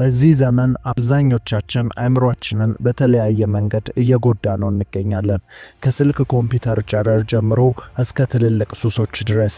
በዚህ ዘመን አብዛኞቻችን አእምሯችንን በተለያየ መንገድ እየጎዳ ነው እንገኛለን። ከስልክ ኮምፒውተር ጨረር ጀምሮ እስከ ትልልቅ ሱሶች ድረስ።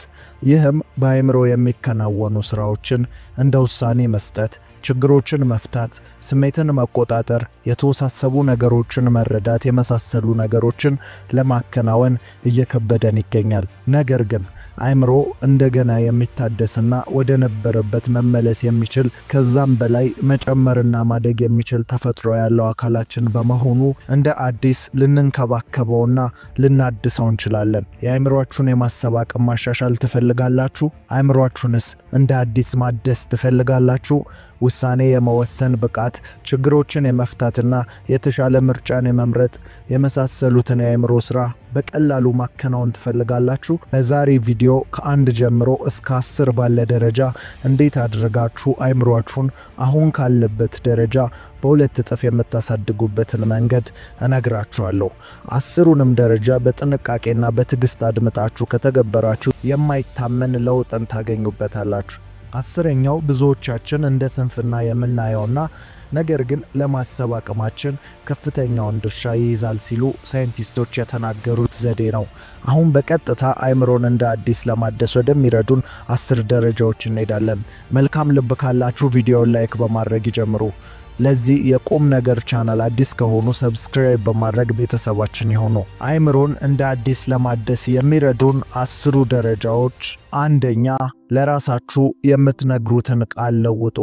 ይህም በአእምሮ የሚከናወኑ ስራዎችን እንደ ውሳኔ መስጠት፣ ችግሮችን መፍታት፣ ስሜትን መቆጣጠር፣ የተወሳሰቡ ነገሮችን መረዳት የመሳሰሉ ነገሮችን ለማከናወን እየከበደን ይገኛል። ነገር ግን አይምሮ እንደገና የሚታደስና ወደ ነበረበት መመለስ የሚችል ከዛም በላይ መጨመርና ማደግ የሚችል ተፈጥሮ ያለው አካላችን በመሆኑ እንደ አዲስ ልንንከባከበውና ልናድሰው እንችላለን። የአይምሯችሁን የማሰብ አቅም ማሻሻል ትፈልጋላችሁ? አይምሯችሁንስ እንደ አዲስ ማደስ ትፈልጋላችሁ? ውሳኔ የመወሰን ብቃት፣ ችግሮችን የመፍታትና የተሻለ ምርጫን የመምረጥ የመሳሰሉትን የአእምሮ ስራ በቀላሉ ማከናወን ትፈልጋላችሁ? በዛሬ ቪዲዮ ከአንድ ጀምሮ እስከ አስር ባለ ደረጃ እንዴት አድርጋችሁ አእምሯችሁን አሁን ካለበት ደረጃ በሁለት እጥፍ የምታሳድጉበትን መንገድ እነግራችኋለሁ። አስሩንም ደረጃ በጥንቃቄና በትዕግስት አድምጣችሁ ከተገበራችሁ የማይታመን ለውጥን ታገኙበታላችሁ። አስረኛው ብዙዎቻችን እንደ ስንፍና የምናየውና ነገር ግን ለማሰብ አቅማችን ከፍተኛውን ድርሻ ይይዛል ሲሉ ሳይንቲስቶች የተናገሩት ዘዴ ነው። አሁን በቀጥታ አእምሮን እንደ አዲስ ለማደስ ወደሚረዱን አስር ደረጃዎች እንሄዳለን። መልካም ልብ ካላችሁ ቪዲዮን ላይክ በማድረግ ይጀምሩ። ለዚህ የቁም ነገር ቻናል አዲስ ከሆኑ ሰብስክራይብ በማድረግ ቤተሰባችን ይሆኑ አይምሮን እንደ አዲስ ለማደስ የሚረዱን አስሩ ደረጃዎች። አንደኛ ለራሳችሁ የምትነግሩትን ቃል ለውጡ።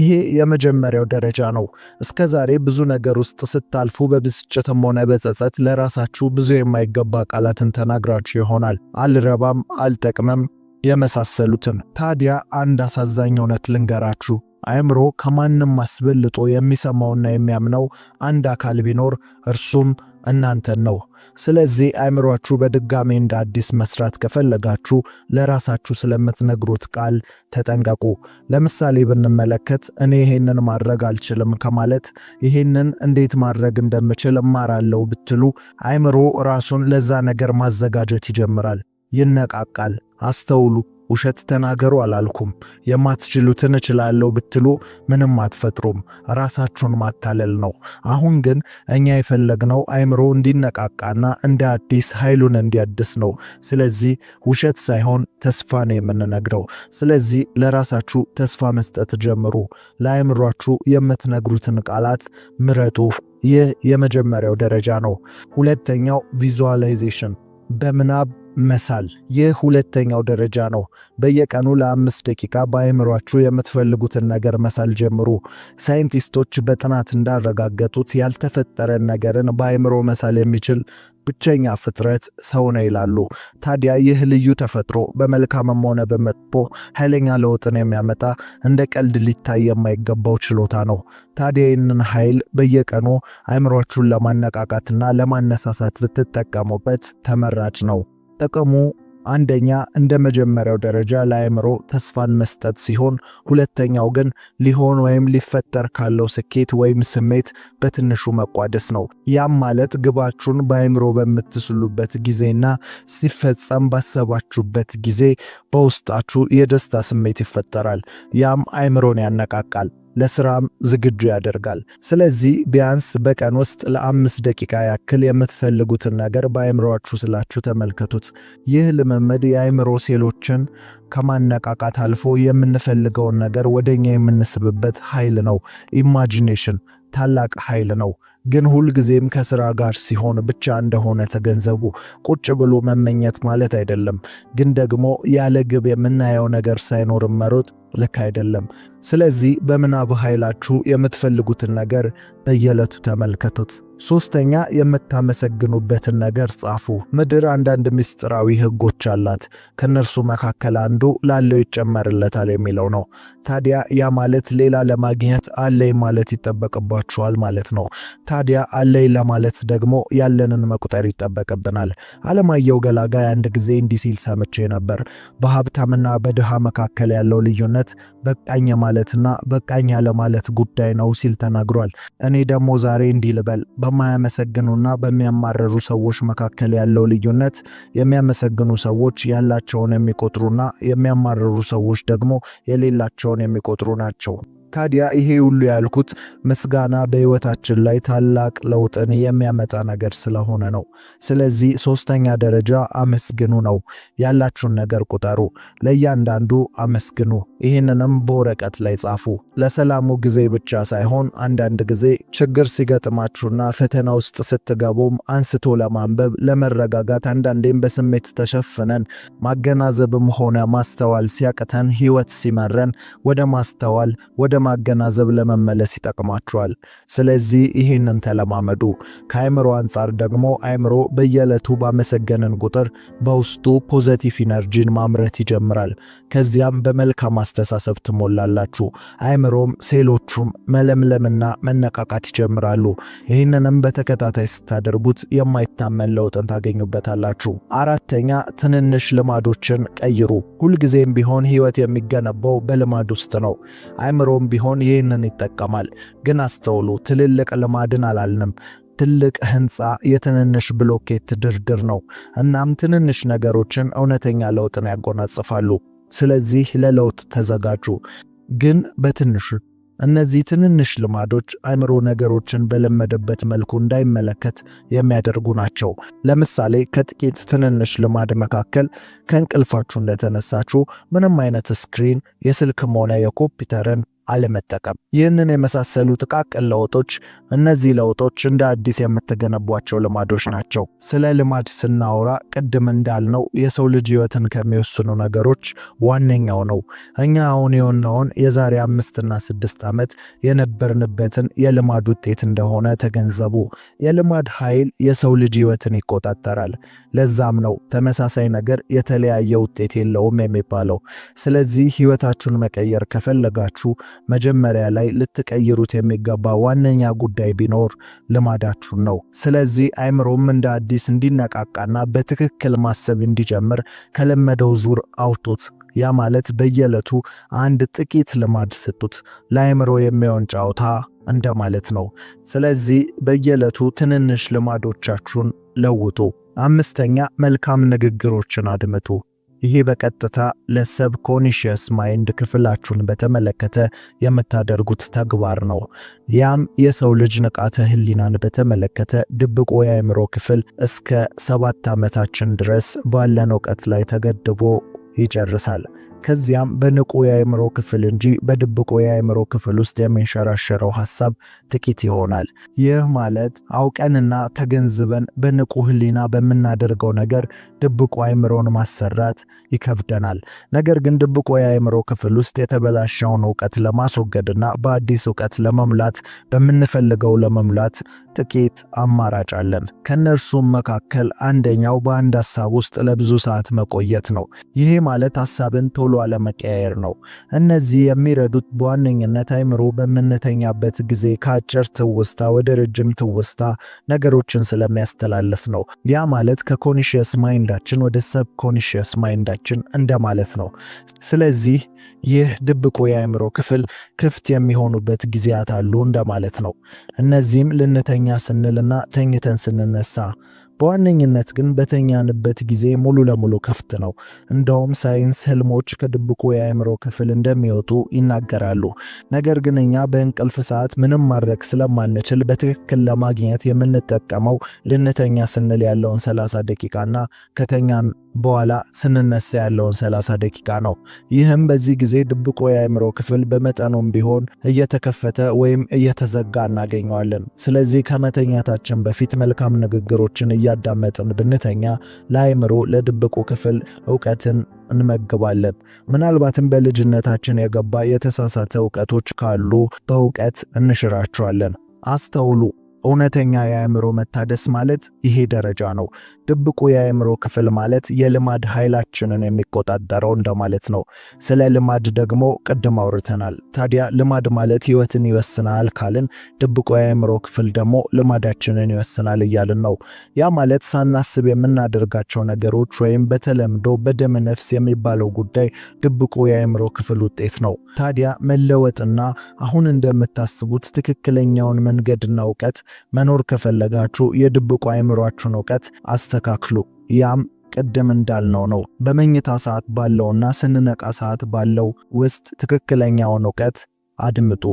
ይሄ የመጀመሪያው ደረጃ ነው። እስከ ዛሬ ብዙ ነገር ውስጥ ስታልፉ በብስጭትም ሆነ በጸጸት ለራሳችሁ ብዙ የማይገባ ቃላትን ተናግራችሁ ይሆናል። አልረባም፣ አልጠቅምም የመሳሰሉትን። ታዲያ አንድ አሳዛኝ እውነት ልንገራችሁ። አእምሮ ከማንም አስበልጦ የሚሰማውና የሚያምነው አንድ አካል ቢኖር እርሱም እናንተን ነው። ስለዚህ አእምሯችሁ በድጋሜ እንደ አዲስ መስራት ከፈለጋችሁ ለራሳችሁ ስለምትነግሩት ቃል ተጠንቀቁ። ለምሳሌ ብንመለከት እኔ ይሄንን ማድረግ አልችልም ከማለት ይሄንን እንዴት ማድረግ እንደምችል እማራለሁ ብትሉ አእምሮ ራሱን ለዛ ነገር ማዘጋጀት ይጀምራል፣ ይነቃቃል። አስተውሉ። ውሸት ተናገሩ አላልኩም። የማትችሉትን እችላለሁ ብትሉ ምንም አትፈጥሩም፣ ራሳችሁን ማታለል ነው። አሁን ግን እኛ የፈለግነው አይምሮ እንዲነቃቃና እንደ አዲስ ኃይሉን እንዲያድስ ነው። ስለዚህ ውሸት ሳይሆን ተስፋ ነው የምንነግረው። ስለዚህ ለራሳችሁ ተስፋ መስጠት ጀምሩ። ለአይምሯችሁ የምትነግሩትን ቃላት ምረጡ። ይህ የመጀመሪያው ደረጃ ነው። ሁለተኛው ቪዙዋላይዜሽን በምናብ መሳል ይህ ሁለተኛው ደረጃ ነው። በየቀኑ ለአምስት ደቂቃ በአእምሯችሁ የምትፈልጉትን ነገር መሳል ጀምሩ። ሳይንቲስቶች በጥናት እንዳረጋገጡት ያልተፈጠረን ነገርን በአእምሮ መሳል የሚችል ብቸኛ ፍጥረት ሰው ነው ይላሉ። ታዲያ ይህ ልዩ ተፈጥሮ በመልካምም ሆነ በመጥፎ ኃይለኛ ለውጥን የሚያመጣ እንደ ቀልድ ሊታይ የማይገባው ችሎታ ነው። ታዲያ ይህንን ኃይል በየቀኑ አእምሯችሁን ለማነቃቃትና ለማነሳሳት ብትጠቀሙበት ተመራጭ ነው። ጥቅሙ አንደኛ እንደ መጀመሪያው ደረጃ ለአእምሮ ተስፋን መስጠት ሲሆን፣ ሁለተኛው ግን ሊሆን ወይም ሊፈጠር ካለው ስኬት ወይም ስሜት በትንሹ መቋደስ ነው። ያም ማለት ግባችሁን በአእምሮ በምትስሉበት ጊዜና ሲፈጸም ባሰባችሁበት ጊዜ በውስጣችሁ የደስታ ስሜት ይፈጠራል። ያም አእምሮን ያነቃቃል። ለስራም ዝግጁ ያደርጋል። ስለዚህ ቢያንስ በቀን ውስጥ ለአምስት ደቂቃ ያክል የምትፈልጉትን ነገር በአእምሮአችሁ ስላችሁ ተመልከቱት። ይህ ልምምድ የአይምሮ ሴሎችን ከማነቃቃት አልፎ የምንፈልገውን ነገር ወደኛ የምንስብበት ኃይል ነው። ኢማጂኔሽን ታላቅ ኃይል ነው። ግን ሁልጊዜም ከስራ ጋር ሲሆን ብቻ እንደሆነ ተገንዘቡ። ቁጭ ብሎ መመኘት ማለት አይደለም፣ ግን ደግሞ ያለ ግብ የምናየው ነገር ሳይኖር መሮጥ ልክ አይደለም። ስለዚህ በምናብ ኃይላችሁ የምትፈልጉትን ነገር በየዕለቱ ተመልከቱት። ሶስተኛ የምታመሰግኑበትን ነገር ጻፉ። ምድር አንዳንድ ምስጢራዊ ህጎች አላት። ከእነርሱ መካከል አንዱ ላለው ይጨመርለታል የሚለው ነው። ታዲያ ያ ማለት ሌላ ለማግኘት አለኝ ማለት ይጠበቅባችኋል ማለት ነው። ታዲያ አለኝ ለማለት ደግሞ ያለንን መቁጠር ይጠበቅብናል። አለማየሁ ገላጋይ አንድ ጊዜ እንዲህ ሲል ሰምቼ ነበር። በሀብታምና በድሃ መካከል ያለው ልዩነት ግንኙነት በቃኝ ማለትና በቃኝ ያለማለት ጉዳይ ነው ሲል ተናግሯል። እኔ ደግሞ ዛሬ እንዲህ ልበል፣ በማያመሰግኑና በሚያማረሩ ሰዎች መካከል ያለው ልዩነት የሚያመሰግኑ ሰዎች ያላቸውን የሚቆጥሩና የሚያማረሩ ሰዎች ደግሞ የሌላቸውን የሚቆጥሩ ናቸው። ታዲያ ይሄ ሁሉ ያልኩት ምስጋና በሕይወታችን ላይ ታላቅ ለውጥን የሚያመጣ ነገር ስለሆነ ነው። ስለዚህ ሶስተኛ ደረጃ አመስግኑ ነው። ያላችሁን ነገር ቁጠሩ፣ ለእያንዳንዱ አመስግኑ። ይህንንም በወረቀት ላይ ጻፉ። ለሰላሙ ጊዜ ብቻ ሳይሆን አንዳንድ ጊዜ ችግር ሲገጥማችሁና ፈተና ውስጥ ስትገቡም አንስቶ ለማንበብ ለመረጋጋት፣ አንዳንዴም በስሜት ተሸፍነን ማገናዘብም ሆነ ማስተዋል ሲያቅተን ህይወት ሲመረን ወደ ማስተዋል ወደ ማገናዘብ ለመመለስ ይጠቅማችኋል። ስለዚህ ይህንን ተለማመዱ። ከአእምሮ አንጻር ደግሞ አእምሮ በየዕለቱ ባመሰገንን ቁጥር በውስጡ ፖዘቲቭ ኢነርጂን ማምረት ይጀምራል። ከዚያም በመልካም አስተሳሰብ ትሞላላችሁ። አይምሮም ሴሎቹም መለምለምና መነቃቃት ይጀምራሉ። ይህንንም በተከታታይ ስታደርጉት የማይታመን ለውጥን ታገኙበታላችሁ። አራተኛ ትንንሽ ልማዶችን ቀይሩ። ሁልጊዜም ቢሆን ህይወት የሚገነባው በልማድ ውስጥ ነው። አይምሮም ቢሆን ይህንን ይጠቀማል። ግን አስተውሉ፣ ትልልቅ ልማድን አላልንም። ትልቅ ህንፃ የትንንሽ ብሎኬት ድርድር ነው። እናም ትንንሽ ነገሮችን እውነተኛ ለውጥን ያጎናጽፋሉ። ስለዚህ ለለውጥ ተዘጋጁ። ግን በትንሹ እነዚህ ትንንሽ ልማዶች አእምሮ ነገሮችን በለመደበት መልኩ እንዳይመለከት የሚያደርጉ ናቸው። ለምሳሌ ከጥቂት ትንንሽ ልማድ መካከል ከእንቅልፋችሁ እንደተነሳችሁ ምንም አይነት ስክሪን የስልክም ሆነ የኮምፒውተርን አለመጠቀም ይህንን የመሳሰሉ ጥቃቅን ለውጦች። እነዚህ ለውጦች እንደ አዲስ የምትገነቧቸው ልማዶች ናቸው። ስለ ልማድ ስናወራ ቅድም እንዳልነው የሰው ልጅ ሕይወትን ከሚወስኑ ነገሮች ዋነኛው ነው። እኛ አሁን የሆነውን የዛሬ አምስትና ስድስት ዓመት የነበርንበትን የልማድ ውጤት እንደሆነ ተገንዘቡ። የልማድ ኃይል የሰው ልጅ ሕይወትን ይቆጣጠራል። ለዛም ነው ተመሳሳይ ነገር የተለያየ ውጤት የለውም የሚባለው። ስለዚህ ሕይወታችሁን መቀየር ከፈለጋችሁ መጀመሪያ ላይ ልትቀይሩት የሚገባ ዋነኛ ጉዳይ ቢኖር ልማዳችሁን ነው። ስለዚህ አይምሮም እንደ አዲስ እንዲነቃቃና በትክክል ማሰብ እንዲጀምር ከለመደው ዙር አውቶት ያ ማለት በየዕለቱ አንድ ጥቂት ልማድ ስጡት። ለአይምሮ የሚሆን ጨዋታ እንደማለት ነው። ስለዚህ በየዕለቱ ትንንሽ ልማዶቻችሁን ለውጡ። አምስተኛ መልካም ንግግሮችን አድምጡ። ይሄ በቀጥታ ለሰብ ማይንድ ክፍላችሁን በተመለከተ የምታደርጉት ተግባር ነው። ያም የሰው ልጅ ንቃተ ህሊናን በተመለከተ ድብቆ የአእምሮ ክፍል እስከ ሰባት ዓመታችን ድረስ ባለን እውቀት ላይ ተገድቦ ይጨርሳል። ከዚያም በንቁ የአእምሮ ክፍል እንጂ በድብቁ የአእምሮ ክፍል ውስጥ የሚንሸራሸረው ሐሳብ ጥቂት ይሆናል። ይህ ማለት አውቀንና ተገንዝበን በንቁ ህሊና በምናደርገው ነገር ድብቁ አእምሮን ማሰራት ይከብደናል። ነገር ግን ድብቁ የአእምሮ ክፍል ውስጥ የተበላሸውን እውቀት ለማስወገድና በአዲስ እውቀት ለመሙላት በምንፈልገው ለመሙላት ጥቂት አማራጭ አለን። ከእነርሱም መካከል አንደኛው በአንድ ሐሳብ ውስጥ ለብዙ ሰዓት መቆየት ነው። ይሄ ማለት ሐሳብን ቶሎ ቶሎ አለመቀያየር ነው። እነዚህ የሚረዱት በዋነኝነት አይምሮ በምንተኛበት ጊዜ ከአጭር ትውስታ ወደ ረጅም ትውስታ ነገሮችን ስለሚያስተላልፍ ነው። ያ ማለት ከኮንሽየስ ማይንዳችን ወደ ሰብ ኮንሽየስ ማይንዳችን እንደማለት ነው። ስለዚህ ይህ ድብቁ የአእምሮ ክፍል ክፍት የሚሆኑበት ጊዜያት አሉ እንደማለት ነው። እነዚህም ልንተኛ ስንልና ተኝተን ስንነሳ በዋነኝነት ግን በተኛንበት ጊዜ ሙሉ ለሙሉ ክፍት ነው። እንደውም ሳይንስ ህልሞች ከድብቁ የአእምሮ ክፍል እንደሚወጡ ይናገራሉ። ነገር ግን እኛ በእንቅልፍ ሰዓት ምንም ማድረግ ስለማንችል በትክክል ለማግኘት የምንጠቀመው ልንተኛ ስንል ያለውን 30 ደቂቃና ከተኛን በኋላ ስንነሳ ያለውን 30 ደቂቃ ነው። ይህም በዚህ ጊዜ ድብቆ የአእምሮ ክፍል በመጠኑም ቢሆን እየተከፈተ ወይም እየተዘጋ እናገኘዋለን። ስለዚህ ከመተኛታችን በፊት መልካም ንግግሮችን እያዳመጥን ብንተኛ ለአእምሮ ለድብቁ ክፍል እውቀትን እንመግባለን። ምናልባትም በልጅነታችን የገባ የተሳሳተ እውቀቶች ካሉ በእውቀት እንሽራቸዋለን። አስተውሉ። እውነተኛ የአእምሮ መታደስ ማለት ይሄ ደረጃ ነው። ጥብቁ የአእምሮ ክፍል ማለት የልማድ ኃይላችንን የሚቆጣጠረው እንደማለት ነው። ስለ ልማድ ደግሞ ቅድም አውርተናል። ታዲያ ልማድ ማለት ህይወትን ይወስናል ካልን ጥብቁ የአእምሮ ክፍል ደግሞ ልማዳችንን ይወስናል እያልን ነው። ያ ማለት ሳናስብ የምናደርጋቸው ነገሮች ወይም በተለምዶ በደመ ነፍስ የሚባለው ጉዳይ ጥብቁ የአእምሮ ክፍል ውጤት ነው። ታዲያ መለወጥና አሁን እንደምታስቡት ትክክለኛውን መንገድና እውቀት መኖር ከፈለጋችሁ የድብቁ አእምሯችሁን እውቀት አስተካክሉ። ያም ቅድም እንዳልነው ነው። በመኝታ ሰዓት ባለውና ስንነቃ ሰዓት ባለው ውስጥ ትክክለኛውን እውቀት አድምጡ።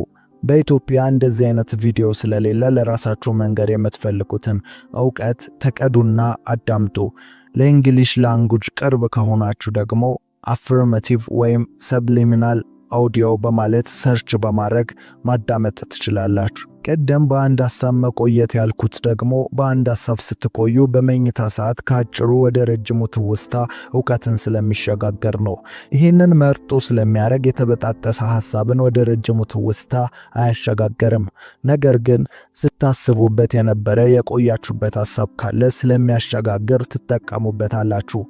በኢትዮጵያ እንደዚህ አይነት ቪዲዮ ስለሌለ ለራሳችሁ መንገድ የምትፈልጉትን እውቀት ተቀዱና አዳምጡ። ለእንግሊሽ ላንጉጅ ቅርብ ከሆናችሁ ደግሞ አፍርማቲቭ ወይም ሰብሊሚናል ኦዲዮ በማለት ሰርች በማድረግ ማዳመጥ ትችላላችሁ። ቀደም በአንድ ሐሳብ መቆየት ያልኩት ደግሞ በአንድ ሐሳብ ስትቆዩ በመኝታ ሰዓት ከአጭሩ ወደ ረጅሙ ትውስታ እውቀትን ስለሚሸጋገር ነው። ይህንን መርጦ ስለሚያደርግ የተበጣጠሰ ሐሳብን ወደ ረጅሙ ትውስታ አያሸጋገርም። ነገር ግን ስታስቡበት የነበረ የቆያችሁበት ሐሳብ ካለ ስለሚያሸጋግር ትጠቀሙበታላችሁ።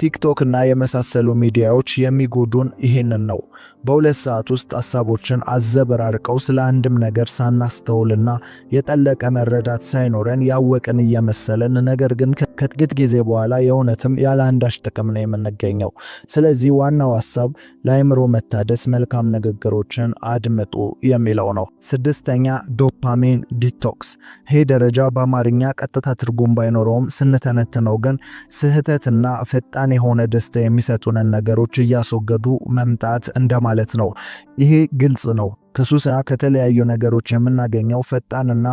ቲክቶክ እና የመሳሰሉ ሚዲያዎች የሚጎዱን ይህንን ነው። በሁለት ሰዓት ውስጥ ሐሳቦችን አዘበራርቀው ስለ አንድም ነገር ሳናስተ ማስተውልና የጠለቀ መረዳት ሳይኖረን ያወቅን እየመሰለን ነገር ግን ከጥቂት ጊዜ በኋላ የእውነትም ያለ አንዳች ጥቅም ነው የምንገኘው። ስለዚህ ዋናው ሀሳብ ለአእምሮ መታደስ መልካም ንግግሮችን አድምጡ የሚለው ነው። ስድስተኛ ዶፓሚን ዲቶክስ። ይህ ደረጃ በአማርኛ ቀጥታ ትርጉም ባይኖረውም ስንተነትነው ግን ስህተትና ፈጣን የሆነ ደስታ የሚሰጡንን ነገሮች እያስወገዱ መምጣት እንደማለት ነው። ይሄ ግልጽ ነው። ከሱስና ከተለያዩ ነገሮች የምናገኘው ፈጣንና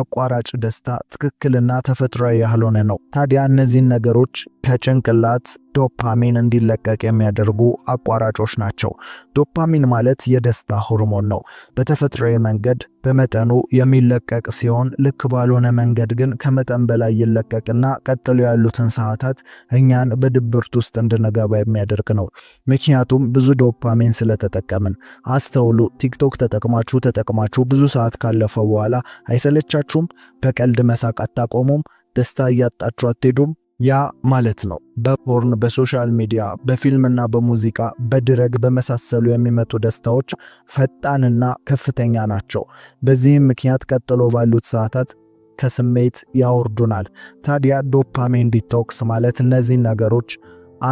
አቋራጭ ደስታ ትክክልና ተፈጥሯዊ ያልሆነ ነው። ታዲያ እነዚህን ነገሮች ከጭንቅላት ዶፓሚን እንዲለቀቅ የሚያደርጉ አቋራጮች ናቸው። ዶፓሚን ማለት የደስታ ሆርሞን ነው። በተፈጥሯዊ መንገድ በመጠኑ የሚለቀቅ ሲሆን ልክ ባልሆነ መንገድ ግን ከመጠን በላይ ይለቀቅና ቀጥሎ ያሉትን ሰዓታት እኛን በድብርት ውስጥ እንድንገባ የሚያደርግ ነው። ምክንያቱም ብዙ ዶፓሚን ስለተጠቀምን። አስተውሉ። ቲክቶክ ተጠቅማችሁ ተጠቅማችሁ ብዙ ሰዓት ካለፈ በኋላ አይሰለቻችሁም? በቀልድ መሳቅ አታቆሙም? ደስታ እያጣችሁ አትሄዱም? ያ ማለት ነው በፖርን፣ በሶሻል ሚዲያ፣ በፊልምና በሙዚቃ፣ በድረግ በመሳሰሉ የሚመጡ ደስታዎች ፈጣንና ከፍተኛ ናቸው። በዚህም ምክንያት ቀጥሎ ባሉት ሰዓታት ከስሜት ያወርዱናል። ታዲያ ዶፓሚን ዲቶክስ ማለት እነዚህን ነገሮች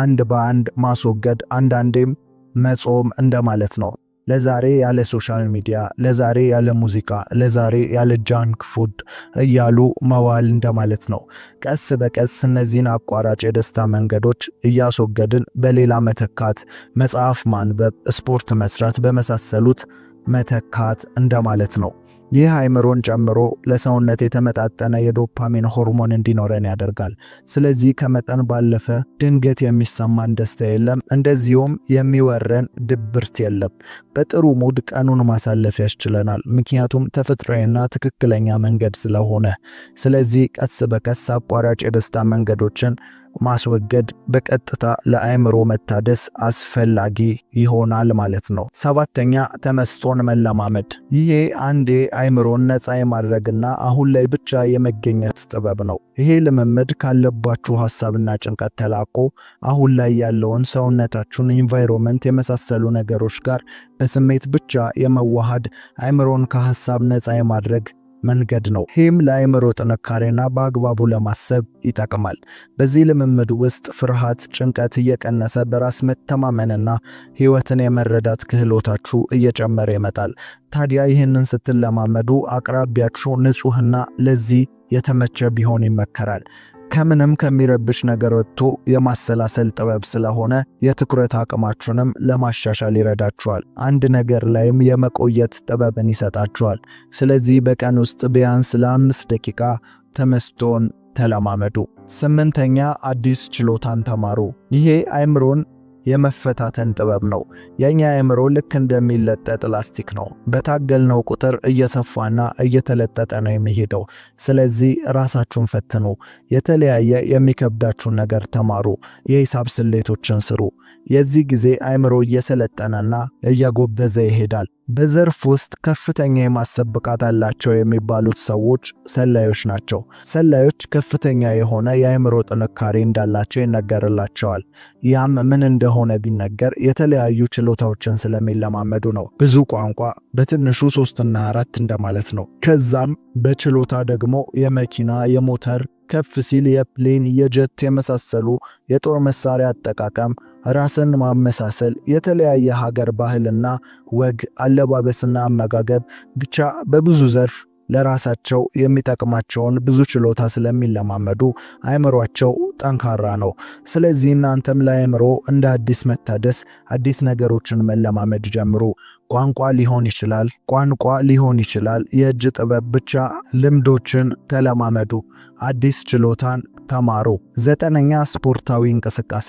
አንድ በአንድ ማስወገድ አንዳንዴም መጾም እንደማለት ነው። ለዛሬ ያለ ሶሻል ሚዲያ፣ ለዛሬ ያለ ሙዚቃ፣ ለዛሬ ያለ ጃንክ ፉድ እያሉ መዋል እንደማለት ነው። ቀስ በቀስ እነዚህን አቋራጭ የደስታ መንገዶች እያስወገድን በሌላ መተካት፣ መጽሐፍ ማንበብ፣ ስፖርት መስራት በመሳሰሉት መተካት እንደማለት ነው። ይህ አእምሮን ጨምሮ ለሰውነት የተመጣጠነ የዶፓሚን ሆርሞን እንዲኖረን ያደርጋል። ስለዚህ ከመጠን ባለፈ ድንገት የሚሰማን ደስታ የለም፣ እንደዚሁም የሚወረን ድብርት የለም። በጥሩ ሙድ ቀኑን ማሳለፍ ያስችለናል፣ ምክንያቱም ተፈጥሯዊና ትክክለኛ መንገድ ስለሆነ። ስለዚህ ቀስ በቀስ አቋራጭ የደስታ መንገዶችን ማስወገድ በቀጥታ ለአእምሮ መታደስ አስፈላጊ ይሆናል ማለት ነው። ሰባተኛ ተመስጦን መለማመድ። ይሄ አንዴ አእምሮን ነፃ የማድረግና አሁን ላይ ብቻ የመገኘት ጥበብ ነው። ይሄ ልምምድ ካለባችሁ ሀሳብና ጭንቀት ተላቆ አሁን ላይ ያለውን ሰውነታችሁን፣ ኢንቫይሮንመንት የመሳሰሉ ነገሮች ጋር በስሜት ብቻ የመዋሃድ አእምሮን ከሀሳብ ነፃ የማድረግ መንገድ ነው። ይህም ለአእምሮ ጥንካሬና በአግባቡ ለማሰብ ይጠቅማል። በዚህ ልምምድ ውስጥ ፍርሃት፣ ጭንቀት እየቀነሰ በራስ መተማመንና ህይወትን የመረዳት ክህሎታችሁ እየጨመረ ይመጣል። ታዲያ ይህንን ስትለማመዱ አቅራቢያችሁ ንጹህና ለዚህ የተመቸ ቢሆን ይመከራል። ከምንም ከሚረብሽ ነገር ወጥቶ የማሰላሰል ጥበብ ስለሆነ የትኩረት አቅማችሁንም ለማሻሻል ይረዳችኋል። አንድ ነገር ላይም የመቆየት ጥበብን ይሰጣችኋል። ስለዚህ በቀን ውስጥ ቢያንስ ለአምስት ደቂቃ ተመስጦን ተለማመዱ። ስምንተኛ አዲስ ችሎታን ተማሩ። ይሄ አይምሮን የመፈታተን ጥበብ ነው። የኛ አእምሮ ልክ እንደሚለጠጥ ላስቲክ ነው። በታገልነው ቁጥር እየሰፋና እየተለጠጠ ነው የሚሄደው። ስለዚህ ራሳችሁን ፈትኑ። የተለያየ የሚከብዳችሁን ነገር ተማሩ። የሂሳብ ስሌቶችን ስሩ። የዚህ ጊዜ አእምሮ እየሰለጠነና እየጎበዘ ይሄዳል። በዘርፍ ውስጥ ከፍተኛ የማሰብ ብቃት አላቸው የሚባሉት ሰዎች ሰላዮች ናቸው። ሰላዮች ከፍተኛ የሆነ የአእምሮ ጥንካሬ እንዳላቸው ይነገርላቸዋል። ያም ምን እንደሆነ ቢነገር የተለያዩ ችሎታዎችን ስለሚለማመዱ ነው። ብዙ ቋንቋ በትንሹ ሶስትና አራት እንደማለት ነው። ከዛም በችሎታ ደግሞ የመኪና፣ የሞተር ከፍ ሲል የፕሌን፣ የጀት የመሳሰሉ የጦር መሳሪያ አጠቃቀም ራስን ማመሳሰል፣ የተለያየ ሀገር ባህልና ወግ፣ አለባበስና አመጋገብ ብቻ በብዙ ዘርፍ ለራሳቸው የሚጠቅማቸውን ብዙ ችሎታ ስለሚለማመዱ አእምሯቸው ጠንካራ ነው። ስለዚህ እናንተም ለአእምሮ እንደ አዲስ መታደስ አዲስ ነገሮችን መለማመድ ጀምሩ። ቋንቋ ሊሆን ይችላል ቋንቋ ሊሆን ይችላል። የእጅ ጥበብ ብቻ ልምዶችን ተለማመዱ። አዲስ ችሎታን ተማሩ። ዘጠነኛ ስፖርታዊ እንቅስቃሴ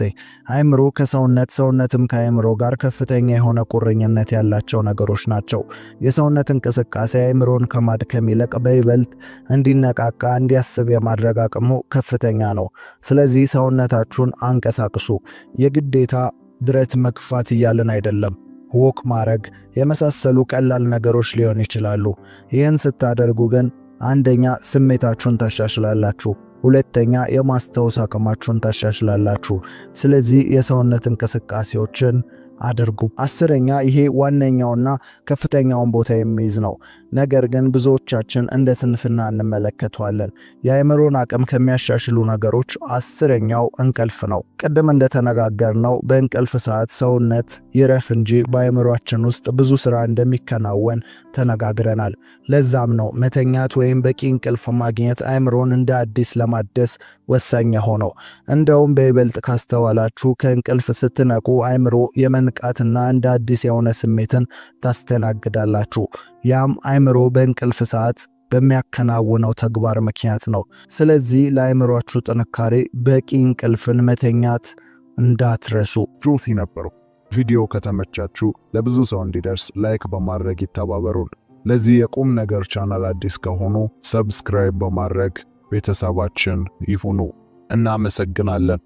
አእምሮ ከሰውነት ሰውነትም ከአእምሮ ጋር ከፍተኛ የሆነ ቁርኝነት ያላቸው ነገሮች ናቸው። የሰውነት እንቅስቃሴ አእምሮን ከማድከም ይልቅ በይበልጥ እንዲነቃቃ እንዲያስብ የማድረግ አቅሙ ከፍተኛ ነው። ስለዚህ ሰውነታችሁን አንቀሳቅሱ። የግዴታ ብረት መግፋት እያልን አይደለም ወክ ማረግ የመሳሰሉ ቀላል ነገሮች ሊሆን ይችላሉ። ይህን ስታደርጉ ግን አንደኛ ስሜታችሁን ታሻሽላላችሁ፣ ሁለተኛ የማስታወስ አቅማችሁን ታሻሽላላችሁ። ስለዚህ የሰውነት እንቅስቃሴዎችን አድርጉ። አስረኛ ይሄ ዋነኛውና ከፍተኛውን ቦታ የሚይዝ ነው። ነገር ግን ብዙዎቻችን እንደ ስንፍና እንመለከተዋለን። የአእምሮን አቅም ከሚያሻሽሉ ነገሮች አስረኛው እንቅልፍ ነው። ቅድም እንደተነጋገርነው በእንቅልፍ ሰዓት ሰውነት ይረፍ እንጂ በአእምሯችን ውስጥ ብዙ ስራ እንደሚከናወን ተነጋግረናል። ለዛም ነው መተኛት ወይም በቂ እንቅልፍ ማግኘት አእምሮን እንደ አዲስ ለማደስ ወሳኝ ሆኖ እንደውም በይበልጥ ካስተዋላችሁ ከእንቅልፍ ስትነቁ አይምሮ የመንቃትና እንደ አዲስ የሆነ ስሜትን ታስተናግዳላችሁ። ያም አይምሮ በእንቅልፍ ሰዓት በሚያከናውነው ተግባር ምክንያት ነው። ስለዚህ ለአይምሯችሁ ጥንካሬ በቂ እንቅልፍን መተኛት እንዳትረሱ። ጆሲ ነበሩ። ቪዲዮ ከተመቻችሁ ለብዙ ሰው እንዲደርስ ላይክ በማድረግ ይተባበሩን። ለዚህ የቁም ነገር ቻናል አዲስ ከሆኑ ሰብስክራይብ በማድረግ ቤተሰባችን ይሁኑ። እናመሰግናለን።